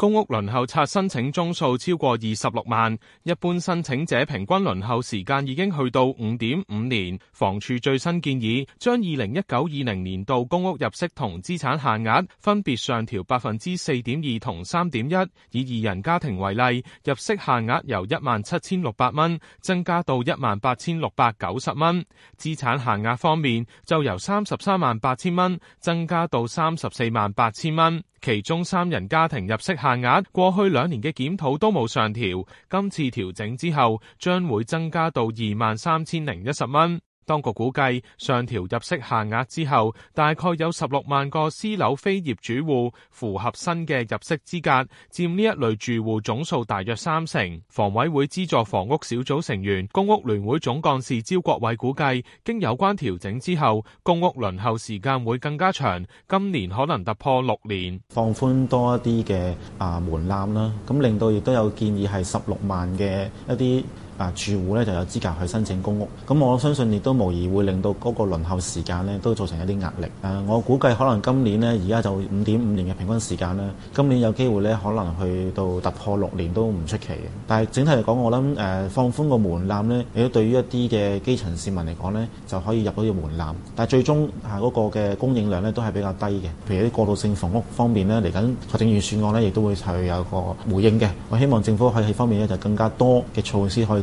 公屋輪候冊申請宗數超過二十六萬，一般申請者平均輪候時間已經去到五點五年。房署最新建議，將二零一九二零年度公屋入息同資產限額分別上調百分之四點二同三點一。以二人家庭為例，入息限額由一萬七千六百蚊增加到一萬八千六百九十蚊，資產限額方面就由三十三萬八千蚊增加到三十四萬八千蚊，其中三人家庭入息限限額過去兩年嘅檢討都冇上調，今次調整之後將會增加到二萬三千零一十蚊。當局估計上調入息限額之後，大概有十六萬個私樓非業主戶符合新嘅入息資格，佔呢一類住戶總數大約三成。房委會資助房屋小組成員公屋聯會總幹事招國偉估計，經有關調整之後，公屋輪候時間會更加長，今年可能突破六年。放寬多一啲嘅啊門檻啦，咁令到亦都有建議係十六萬嘅一啲。啊，住戶咧就有資格去申請公屋，咁我相信亦都無疑會令到嗰個輪候時間咧都造成一啲壓力。誒，我估計可能今年呢，而家就五點五年嘅平均時間啦，今年有機會咧可能去到突破六年都唔出奇嘅。但係整體嚟講，我諗誒、呃、放寬個門檻咧，亦都對於一啲嘅基層市民嚟講咧就可以入到個門檻。但係最終啊嗰個嘅供應量咧都係比較低嘅，譬如啲過渡性房屋方面咧嚟緊財政預算案咧亦都會係有個回應嘅。我希望政府喺呢方面咧就更加多嘅措施可以。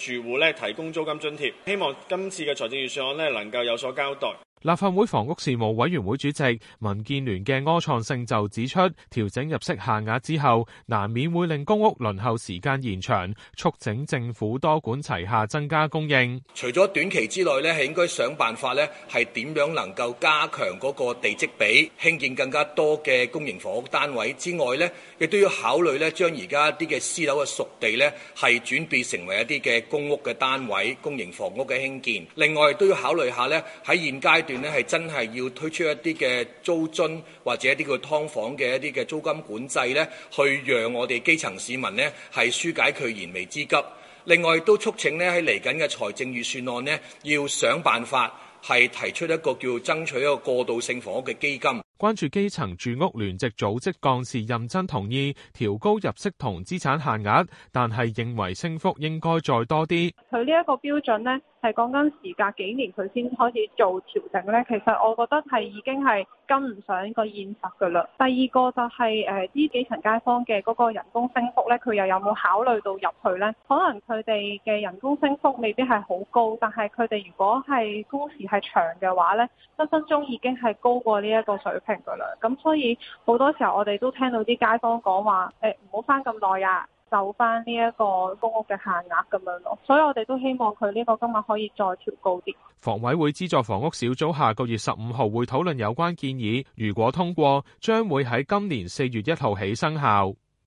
住戶咧提供租金津貼，希望今次嘅財政預算案咧能夠有所交代。立法會房屋事務委員會主席民建聯嘅柯創勝就指出，調整入息限額之後，難免會令公屋輪候時間延長，促請政府多管齊下增加供應。除咗短期之內咧，係應該想辦法咧，係點樣能夠加強嗰個地積比，興建更加多嘅公營房屋單位之外咧，亦都要考慮咧，將而家一啲嘅私樓嘅熟地咧，係轉變成為一啲嘅公屋嘅單位，公營房屋嘅興建。另外都要考慮下咧，喺現階段，咧係真係要推出一啲嘅租津，或者一啲叫劏房嘅一啲嘅租金管制咧，去讓我哋基層市民咧係舒解佢燃眉之急。另外都促請咧，喺嚟緊嘅財政預算案咧，要想辦法係提出一個叫爭取一個過渡性房屋嘅基金。關注基層住屋聯席組織幹事認真同意調高入息同資產限額，但係認為升幅應該再多啲。佢呢一個標準呢，係講緊時隔幾年佢先開始做調整呢，其實我覺得係已經係跟唔上嗰個現實嘅喇。第二個就係誒呢幾層街坊嘅嗰個人工升幅呢，佢又有冇考慮到入去呢？可能佢哋嘅人工升幅未必係好高，但係佢哋如果係工時係長嘅話呢，分分鐘已經係高過呢一個水平，啦，咁所以好多時候我哋都聽到啲街坊講話，誒唔好翻咁耐呀，就翻呢一個公屋嘅限額咁樣咯，所以我哋都希望佢呢個金額可以再調高啲。房委會資助房屋小組下個月十五號會討論有關建議，如果通過，將會喺今年四月一號起生效。